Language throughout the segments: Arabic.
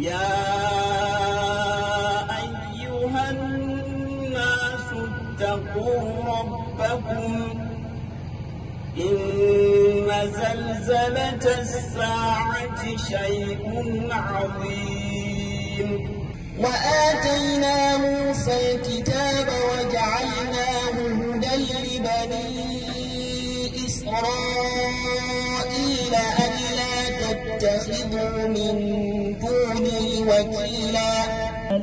يا أيها الناس اتقوا ربكم إن زلزلة الساعة شيء عظيم وآتينا موسى الكتاب وجعلناه هدى لبني إسرائيل تتخذوا من دونه وكيلا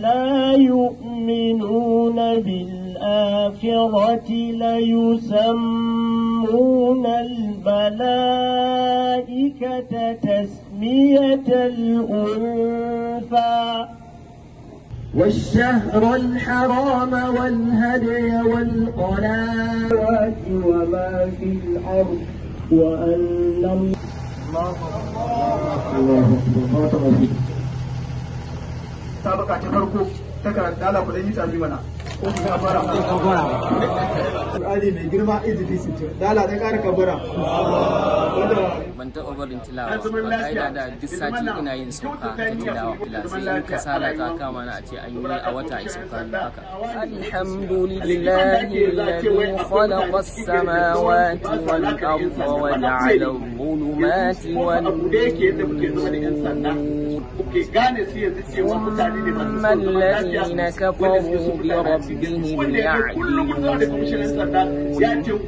لا يؤمنون بالآخرة ليسمون الملائكة تسمية الأنفى والشهر الحرام والهدي والقلاوات وما في الأرض وأن الله Estava cativando o é corpo. ta karanta ala kudin yi tafi mana ko ku mai girma izifi dala ta kara ban taɓa barin tilawa ba kaida da duk sati ina yin sauka ta tilawa sai in kasala ta kama na a ce an yi a wata ai sauka ne haka alhamdulillahi alladhi khalaqa samawati wal arda wa ja'ala al-dhulumati wan nur gane yanzu ne الذين كفروا بربهم يعدلون